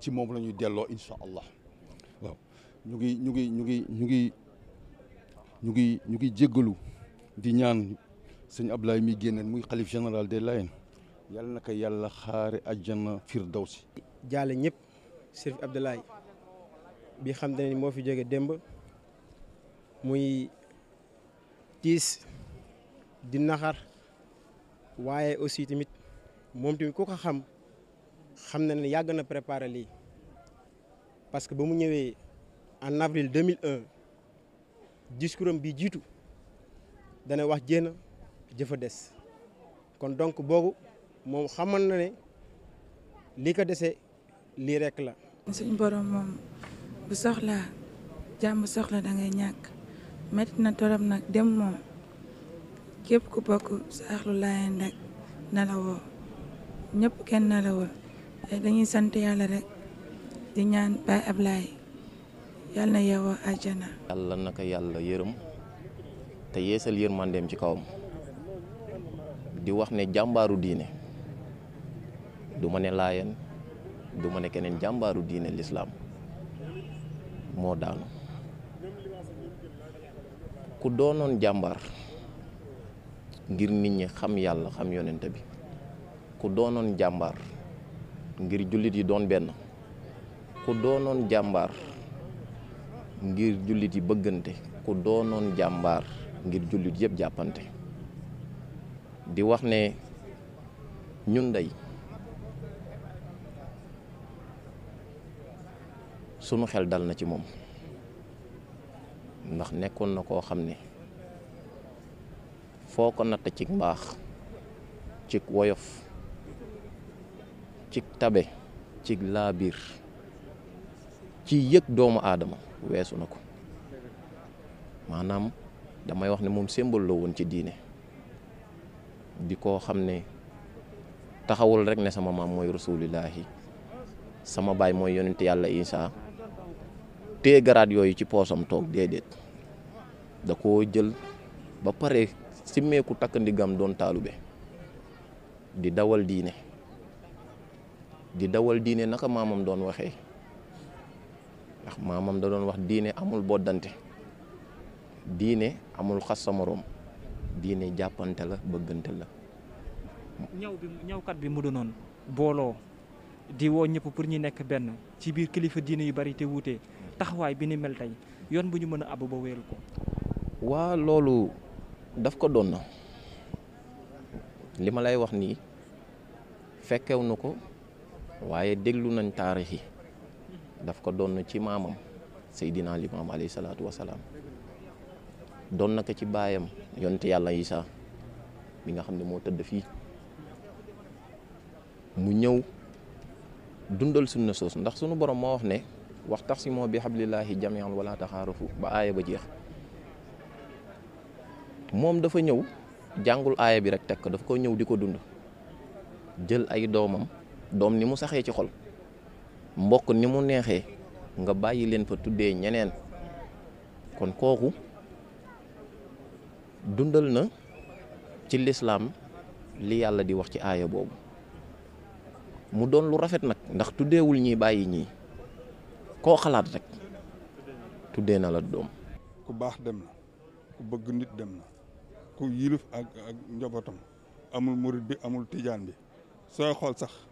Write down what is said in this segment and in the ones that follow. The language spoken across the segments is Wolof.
ci moom lañuy ñuy delloo incha allah waaw ñu ngi ñu ngi ñu ngi ñu ngi ñu ngi ñu ngi jéggalu di ñaan sëñ Ablaye mi génneen muy xalif général des Layènes yàlla na ko yàlla xaare àjjana firdawsi jaale ñëpp Chérif Abdoulaye bi xam ni moo fi jóge demb muy tiis di waaye aussi tamit moom tamit ku ko xam xam na ne yàgg na préparer lii parce que ba mu ñëwee en avril 2001 discours bi jiitu dana wax jéena jëfa des kon donc boobu moom xamal na ne li ko dese lii rekk la. suñ borom moom bu soxlaa jàmm soxla da ngay ñàkk métti na torop nag dem moom képp ku bokk saaxlu laayeen rek na la kenn na dañuy sant yàlla rek di ñaan Baye Ablaye yàlla na yeewoo àjjana. yàlla na ko yàlla yërëm te yeesal yërmandeem ci kawam di wax ne jàmbaaru diine du ma ne du ma keneen jàmbaaru diine lislaam moo daanu ku doonoon jàmbaar ngir nit ñi xam yàlla xam yonent bi ku doonoon jàmbaar. ngir jullit yi doon benn ku doonoon jàmbaar ngir jullit yi bëggante ku doonoon jàmbaar ngir jullit yëpp jàppante di wax ne ñun dey sunu xel dal na ci moom ndax nekkoon na koo xam ne foo ko natt ci mbaax ci woyof ci tabe ci laabiir ci yëg doomu aadama weesu na ko maanaam damay wax ne moom symbole la woon ci diine di koo xam ne taxawul rek ne sama maam mooy rasulillahi sama baay mooy yonent yàlla Isaa tée garaat yooyu ci poosam toog déedéet da koo jël ba pare simmeeku takk ndigam doon taalube di dawal diine di dawal diine naka maamam doon waxee ndax maamam da doon wax diine amul boddante diine amul xas sa moroom diine jàppante la bëggante la. ñaw bi ñawkat bi mu doonoon booloo di woo ñëpp pour ñu nekk benn ci biir kilifa diine yu bari te wuute taxawaay bi ni mel tey yoon bu ñu mën a ab ba wéeru ko. waa loolu daf ko doon na li ma lay wax nii fekkew na ko. waaye déglu nañ taarix yi daf ko doon ci maamam Seydina Limaam alayhi salaatu wa salaam doon na ko ci baayam yonte yàlla yi Isaa bi nga xam ne moo tëdd fii mu ñëw dundal sunna soos ndax sunu borom moo wax ne wax waxtasimu bi hablillahi jamian wala taxaarafu ba aaya ba jeex moom dafa ñëw jàngul aaya bi rek teg ko dafa ko ñëw di ko dund jël ay doomam doom ni mu saxee ci xol mbokk ni mu neexee nga bàyyi leen fa tuddee ñeneen kon kooku dundal na ci lislaam li yàlla di wax ci aaya boobu mu doon lu rafet nag ndax tuddeewul ñi bàyyi ñii koo xalaat rek tuddee na la doom ku baax dem na ku bëgg nit dem na ku yilif ak ak amul murit bi amul tijaan bi sooy xool sax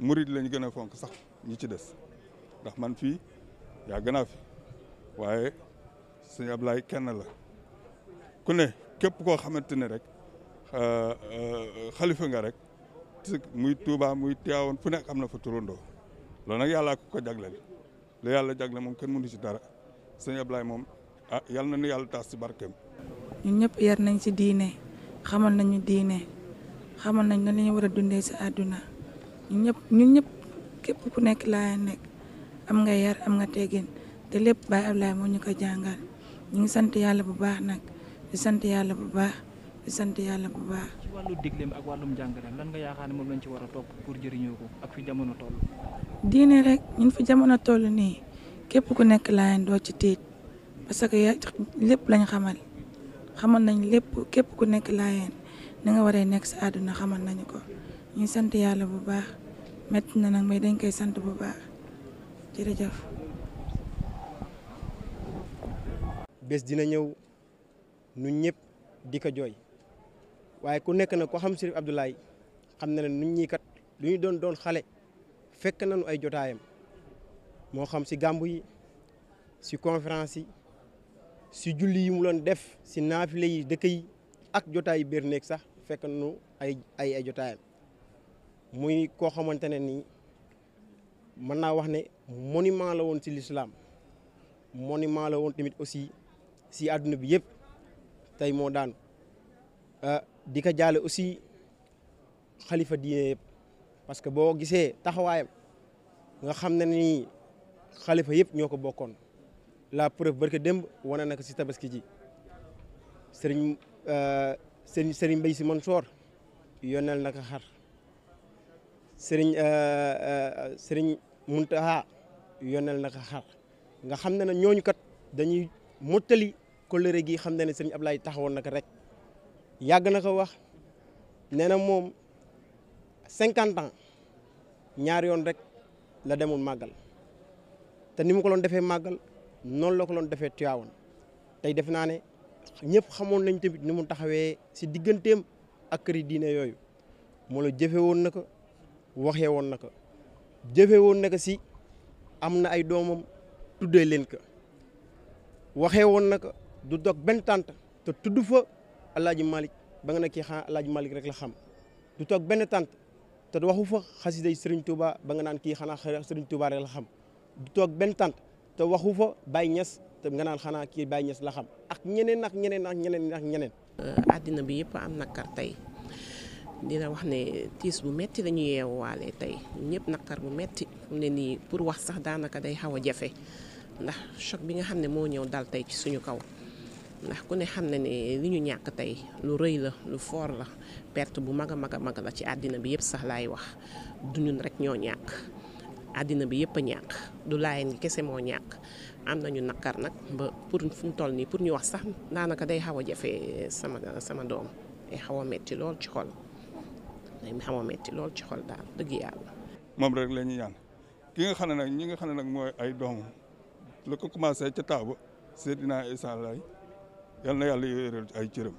murid lañu gën a fonk sax ñi ci des ndax man fii yàgg naa fi waaye sëñ Ablaye kenn la ku ne képp koo xamante ne rek euh, euh, xalifa nga rek muy Touba muy Tivaouane fu nekk am na fu turandoo loolu nag yàlla ko ko jagleel lu yàlla jagle moom kenn mënu ci dara sëñ Ablaye moom ah yal na nu yàlla taas ci barkeem. ñun ñëpp yar nañ ci diine xamal nañu diine xamal nañ ne dundee ci àdduna ñëpp ñun ñëpp képp ku nekk laa nekk am nga yar am nga teggin te lépp Baye Ablaye moo ñu ko jàngal ñu ngi sant yàlla bu baax nag di sant yàlla bu baax di sant yàlla bu baax. ci wàllu digleem ak wàllum jàngaleem lan nga yaakaar ne moom lañ ci war a topp pour jëriñoo ko ak fi jamono toll. diine rek ñun fi jamono toll nii képp ku nekk laa doo ci tiit parce que lépp lañ xamal xamal nañ lépp képp ku nekk laa na nga waree nekk sa àdduna xamal nañu ko. ñu sant yàlla bu baax métti na nag mais dañ koy sant bu baax jërëjëf. bés dina ñëw nu ñëpp di ko jooy waaye ku nekk na ko xam Chérif Abdoulaye xam na ne ñun ñii kat lu ñu doon doon xale fekk nañu ay jotaayam moo xam si gàmb yi si conference yi si julli yi mu doon def si naafile yi dëkk yi ak jotaay biir néeg sax fekk nañu ay ay jotaayam. muy koo xamante ne nii mën naa wax ne monument la woon ci l'islam monument la woon tamit aussi si àdduna bi yëpp tey moo daanu euh, di ko jaale aussi xalifa diine yëpp parce que boo gisee taxawaayam nga xam ne nii xalifa yëpp ñoo ko bokkoon la preuve barke dem wane na si tabaski ji sëriñ euh, sëriñ sëriñ Mbay Si Mansoor yónneel na ko xar sëriñ sëriñ Muntaxa yónneel na ko xar nga xam ne ne ñooñu kat dañuy mottali kóllëre gi xam ne ne sëriñ Ablaye taxawoon nag rek yàgg na ko wax nee na moom cinquante ans ñaar yoon rek la demul màggal te ni mu ko doon defee màggal noonu la ko doon defee Tiwaawan tey def naa ne ñëpp xamoon nañ tamit ni mun taxawee si digganteem ak këri diine yooyu moo la jëfe woon na waxee woon na ko jëfe woon na ko si am na ay doomam tudd leen ko waxee woon na ko du dog benn tànt te tudd fa alaaji malik ba nga ne kii xanaa alaaji malik rek la xam du toog benn tànt te waxu fa xasiday sëriñ Touba ba nga naan kii xanaa sëriñ Touba rek la xam toog benn tànt te waxu fa Baye te nga naan xanaa kii Baye Niass ak ñeneen ak ñeneen ak ñeneen ak ñeneen. àddina bi yëpp am na kar tey dina wax ne tiis bu metti la ñu yeewwaale tey ñëpp naqar bu metti fu ne nii pour wax sax daanaka day xaw a jafe ndax choc bi nga xam ne moo ñëw dal tey ci suñu kaw ndax ku ne xam na ne li ñu ñàkk tey lu rëy la lu foor la perte bu mag a mag a mag la ci àddina bi yëpp sax laay wax du ñun rek ñoo ñàkk àddina bi yëpp a ñàkk du laayeen kese moo ñàkk am nañu naqar nag ba pour fu mu toll nii pour ñu wax sax daanaka day xaw a jafe sama sama doom day xaw a metti loolu ci xol mi xamoo métti loolu ci xol daal dëgg yàlla. moom rek la ñuy ñaan ki nga xam ne nag ñi nga xam ne nag mooy ay doomam la ko commencé ca taaba Seydina Issa Laye yal na yàlla yore ay cëram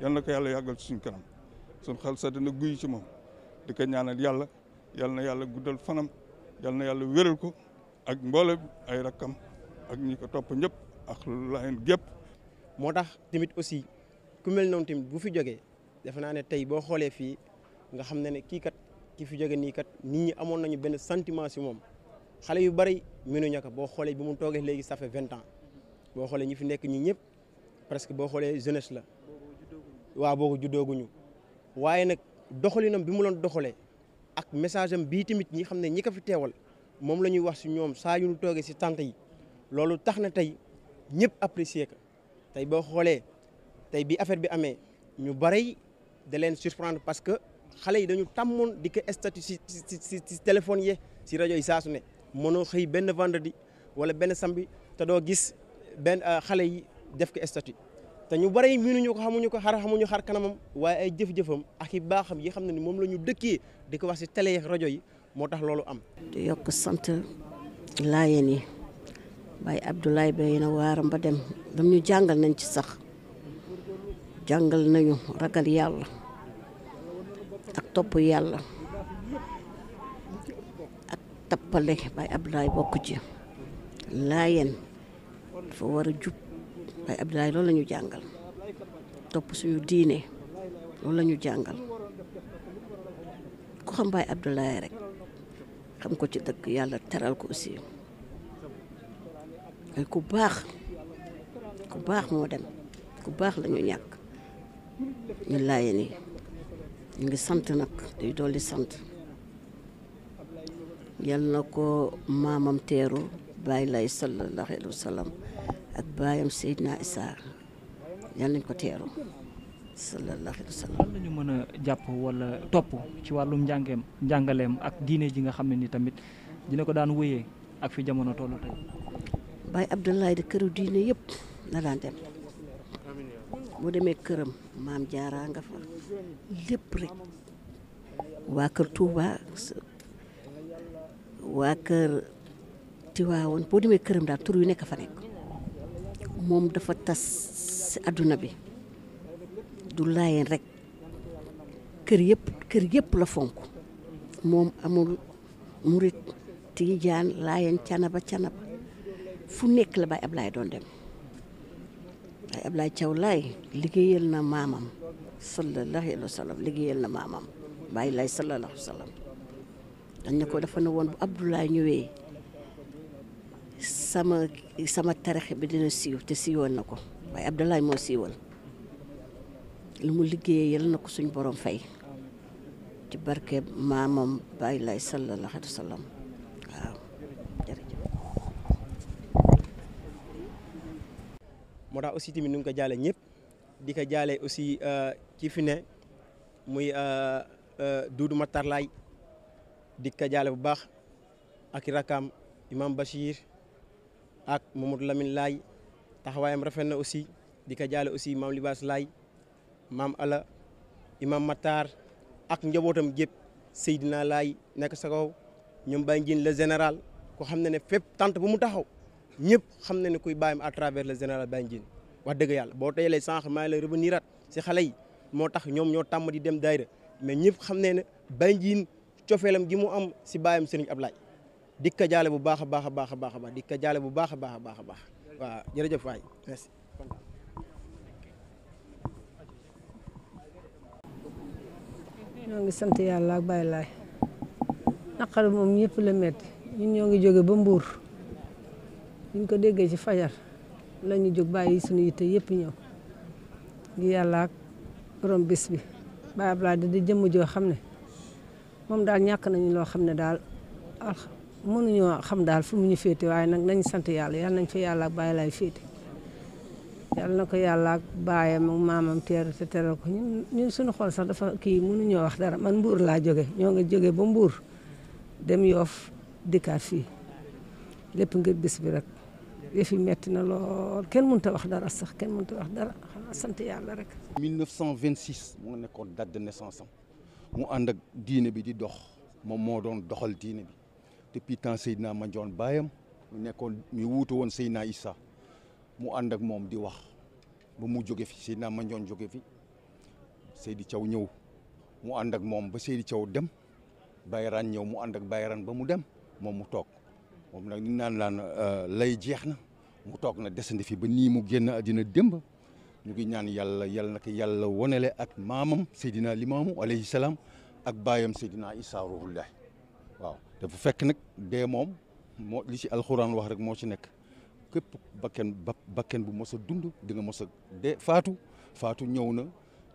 yal na ko yàlla yàggal ci suñ kanam suñ xel sa dina guy ci di ko ñaanal yàlla yal na yàlla guddal fanam yal na yàlla wéral ko ak mboole ay rakkam ak ñi ko topp ñëpp ak laayeen gépp moo tax tamit aussi ku mel noonu tamit bu fi jógee defe naa tey boo xoolee fii. nga xam ne ne kii kat ki fi jóge nii kat nit ñi amoon nañu benn sentiment si moom xale yu bari mënuñu ko boo xoolee bi mu toogee léegi ça fait vingt ans boo xoolee ñi fi nekk ñi ñëpp presque boo xoolee jeunesse la waaw boo ko juddooguñu waaye nag doxalinam bi mu doon doxalee ak message am bii tamit ñi xam ne ñi ko fi teewal moom la ñuy wax si ñoom saa yu ñu si tànk yi loolu tax na tey ñëpp apprécier ko tey boo xoolee tey bi affaire bi amee ñu bari da leen surprendre parce que xale yi dañu tàmmoon di ko statut si si téléphone yi si rajo yi saa su ne mënoo xëy benn vendredi wala benn sambi te doo gis benn ah, xale yi def ko statut te ñu bari miinuñu ko xamuñu ko xar xar kanamam waaye ay jëf ak i baaxam yi xam ne ni moom la ñu dëkkee di ko wax si tele yeeg rajo yi moo tax loolu am. di yokk sant laayeen yi Baye Abdoulaye Baye na waaram ba dem dam ñu jàngal nañ ci sax jàngal nañu ragal yàlla. topp yàlla ak tappale bay Abdoulaye bokk ci laayeen dafa war a jub bay Abdoulaye lool la ñu jàngal topp suñu diine loolu lañu jàngal ku xam bay Abdoulaye rek xam ko ci dëkk yàlla teral ko aussi ay ku baax ku baax moo dem ku baax la ñu ñàkk ñu laayeen ñu ngi sant nag di dolli sant yal na ko maamam teeru bàyyi lay sallallahu alayhi wa sallam ak baayam Seydina Isaa yal nañ ko teeru sallallahu alayhi wa sallam lañu mën a jàpp walla topp ci wàllum njàngeem njàngaleem ak diine ji nga xam ne ni tamit dina ko daan wéyee ak fi jamono tollu tey Baay Abdoulaye de këru diine yëpp na daan dem boo demee këram maam jaaraa nga fa lépp rek waa kër Touba waa kër Tiwaawoon boo demee këram daal tur yu nekk fa nekk moom dafa tas si àdduna bi du laayeen rek kër yëpp kër yëpp la fonk moom amul murit tiijaan laayeen canaba canaba fu nekk la Baay laay doon dem ay Ablaye cew lay liggéeyal na maamam sallallahu alayhi wa sallam liggéeyal na maamam bàyyi laay sallallahu alayhi wa dañ ne ko dafa ne woon bu Abdoulaye ñëwee sama tarix bi dina siiw te siiwoon na ko waaye Abdoulaye moo siiwal lu mu liggéeyee yal na ko suñ borom fay ci barke maamam bàyyi laay sallallahu alayhi wa waaw moo tax aussi tamit nu ngi ko jaale ñëpp di ko jaale aussi ki euh, fi ne muy euh, euh, Doudou Matar Laye di ko jaale bu baax ak rakam Imam Bachir ak Mamadou Lamine Laye taxawaayam rafet na aussi di ko jaale aussi maam Libaas Laye maam Ala Imam Matar ak njabootam gépp Seydina lay nekk sa kaw ñoom ba Ndiène le général ko xam ne ne fépp tant bu mu taxaw. ñëpp xam na ne kuy bàyyam a travers le général Baye Ndiéne wax dëgg yàlla boo tey lay sànq maa ngi lay revenir rat si xale yi moo tax ñoom ñoo tàmm di dem daayira mais ñëpp xam ne ne Baye Ndiéne gi mu am si bàyyam Serigne Ablaye dikk ka jaale bu baax a baax a baax a baax a baax dikk ka jaale bu baax a baax a baax a baax waaw jërëjëf waay merci ñoo ngi la metti ñun ñoo ngi jóge ba Mbuur ñu ko déggee ci fajar la ñu jóg bàyyi suñu yitte yëpp ñëw ngi yàlla ak borom bis bi Baye Abdoulaye di jëmm joo xam ne moom daal ñàkk nañu loo xam ne daal mënuñoo xam daal fu mu ñu féete waaye nag nañ sant yàlla yàlla nañ fa yàlla ak lay féete yàlla na ko yàlla ak baayam ak maamam teeru te teral ko ñun ñun suñu xol sax dafa kii mënuñoo wax dara man mbuur laa jóge ñoo nga jóge ba mbuur dem yoof dikkaat fii lépp ngir bis yëf yi metti na lool kenn mënut a wax dara sax kenn mënut a wax dara xanaa sant yàlla rek. 1926 moo nekkoon date de naissance mu ànd ak diine bi di dox moom moo doon doxal diine bi depuis temps Seydina Mandione baayam mu nekkoon mu wuutu woon Seydina Issa mu ànd ak moom di wax ba mu jóge fi Seydina Mandione jóge fi Seydi caw ñëw mu ànd ak moom ba Seydi caw dem Baye ñëw mu ànd ak Baye Rane ba mu dem moom mu toog. moom nag ñu naan laan euh, lay jeex na mu toog na desandi fi ba nii mu génn àddina démb ñu ngi ñaan yàlla yàlla na yàlla wonale ak maamam Seydina Limaamu alayhi salaam ak baayam Seydina Isaa Ruhullah waaw dafa fekk nag dee moom moo li si alxuraan wax rek moo ci nekk képp bakken bu mos a dund di nga mos a dee faatu faatu ñëw na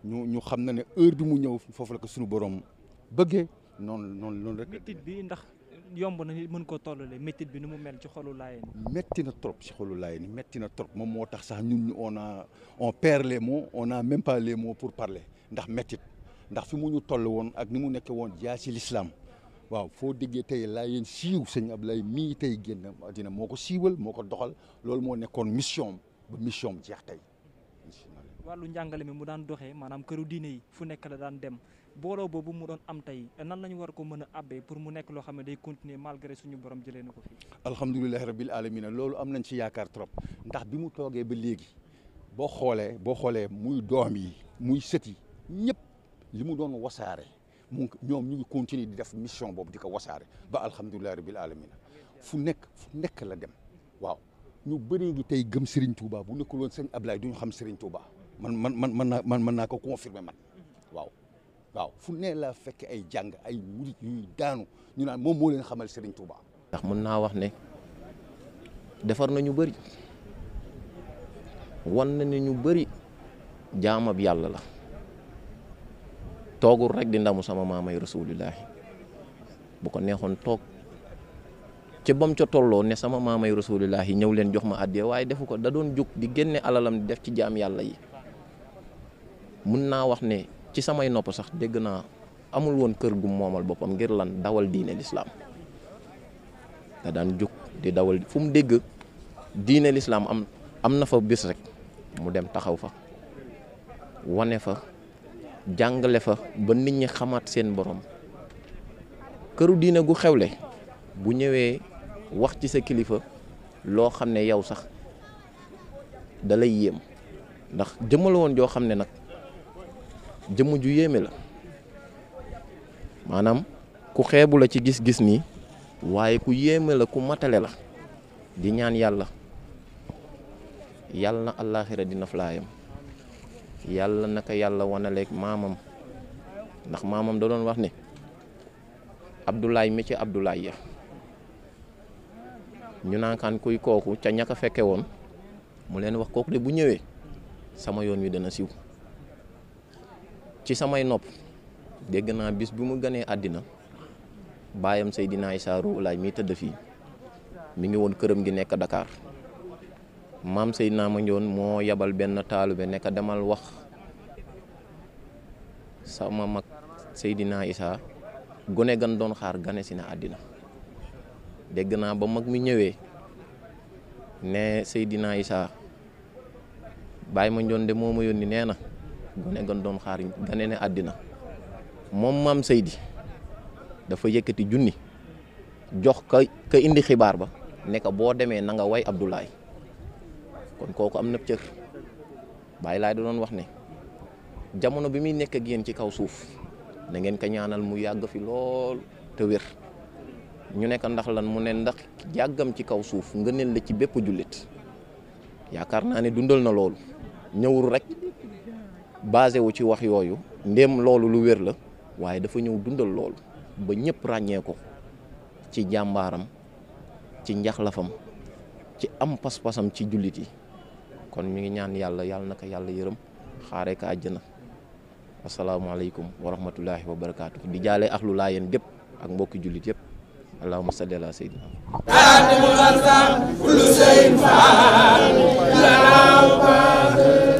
ñu ñu xam na ne heure bi mu ñëw foofu la ko suñu borom bëggee noonu noonu noonu rek. ndax. yomb na mën koo tollale méttit bi ni mu mel ci xolu laayeen métti na trop ci xolu laayeen métti na trop moom moo tax sax ñun on a on perd les mots on a même pas pour parler ndax méttit ndax fi mu ñu toll woon ak ni mu nekk woon jaa ci lislaam waaw foo déggee tey laayeen siiw sëñ Ablaye mii tey génn dina moo ko siiwal moo ko doxal loolu moo nekkoon mission ba mission jeex tey wàllu njàngale mi mu daan doxee maanaam këru diine yi fu nekk la daan dem booloo boobu mu doon am tey nan lañu war ko mën a abbee pour mu nekk loo xam ne day continuer malgré suñu borom jëlee na ko fi. alhamdulilah rabil aalamiina loolu am nañ si yaakaar trop ndax bi mu toogee ba léegi boo xoolee boo xoolee muy doom yi muy sët yi ñëpp li mu doon wasaare mun ñoom ñu continuer di def mission boobu di ko wasaare ba alhamdulilah rabil aalamiina fu nekk fu nekk la dem waaw ñu bëri ngi tey gëm Serigne Touba bu nekkul woon sëñ Ablaye du ñu xam Serigne Touba man man man man naa man mën naa ko confirmer man. waaw fu ne la fekk ay jàng ay murit yu daanu ñu naan moom moo leen xamal Serigne Touba. ndax mën naa wax ne defar ñu bari wan na ne ñu bari jaamab yàlla la toogul rek di ndamu sama maamay rasulillahi bu ko neexoon toog ca bam ca tolloo ne sama maamay rasulillahi ñëw leen jox ma àddee waaye defu ko da doon jóg di génne alalam di def ci jaam yàlla yi mun naa wax ne. ci samay nopp sax dégg naa amul woon kër gu moomal boppam ngir lan dawal diine lislaam da daan jóg di dawal fu mu dégg diine lislaam am na fa bis rek mu dem taxaw fa wane fa jàngale fa ba nit ñi xamaat seen borom këru diine gu xewle bu ñëwee wax ci sa kilifa loo xam ne yow sax dalay yéem ndax jëmale woon joo xam ne nag. jëmm ju yéeme la maanaam ku xeebu la ci gis-gis nii waaye ku yéeme la ku matale la di ñaan yàlla yàlla na àllaaxira di naflaayam yàlla naka yàlla wanaleeg maamam ndax maamam da doon wax ne Abdoulaye mi ci Abdoulaye ya ñu naakaan kuy kooku ca ñaka fekke woon mu leen wax kooku de bu ñëwee sama yoon wi dana siw ci samay nopp dégg naa bis bu mu ganee àddina baayam Seydina Issa Rouhou Laye mi tëdd fii mu ngi woon këram gi nekk dakaar maam Seydina Mandione moo yabal benn taalibe nekk demal wax sama mag Seydina Issa gone gan doon xaar gane si na àddina dégg naa ba mag mu ñëwee ne Seydina Issa Baye Mandione de moo ma yónni nee na gone gan doon xaar gane ne àddina moom maam saydi dafa yëkkati junni jox ka ka indi xibaar ba ne ko boo demee na nga way Abdoulaye kon kooku am na cër bàyyi laay da doon wax ne jamono bi muy nekk ak ci kaw suuf na ngeen ko ñaanal mu yàgg fi lool te wér ñu nekk ndax lan mu ne ndax yàggam ci kaw suuf nga ngëneel la ci bépp jullit yaakaar naa ne dundal na loolu ñëwul rek basé wu ci wax yooyu ndéem loolu lu wér la waaye dafa ñëw dundal loolu ba ñëpp ràññee ko ci jàmbaaram ci njaxlafam ci am pas-pasam ci jullit yi kon mu ngi ñaan yàlla yàlla na ko yàlla yërëm xaaree ko àjjana asalaamaaleykum wa rahmatullahi wa barakaatu di jaale axlu laayeen gépp ak mbokki jullit yëpp allahumma salli ala sayyidina Muhammad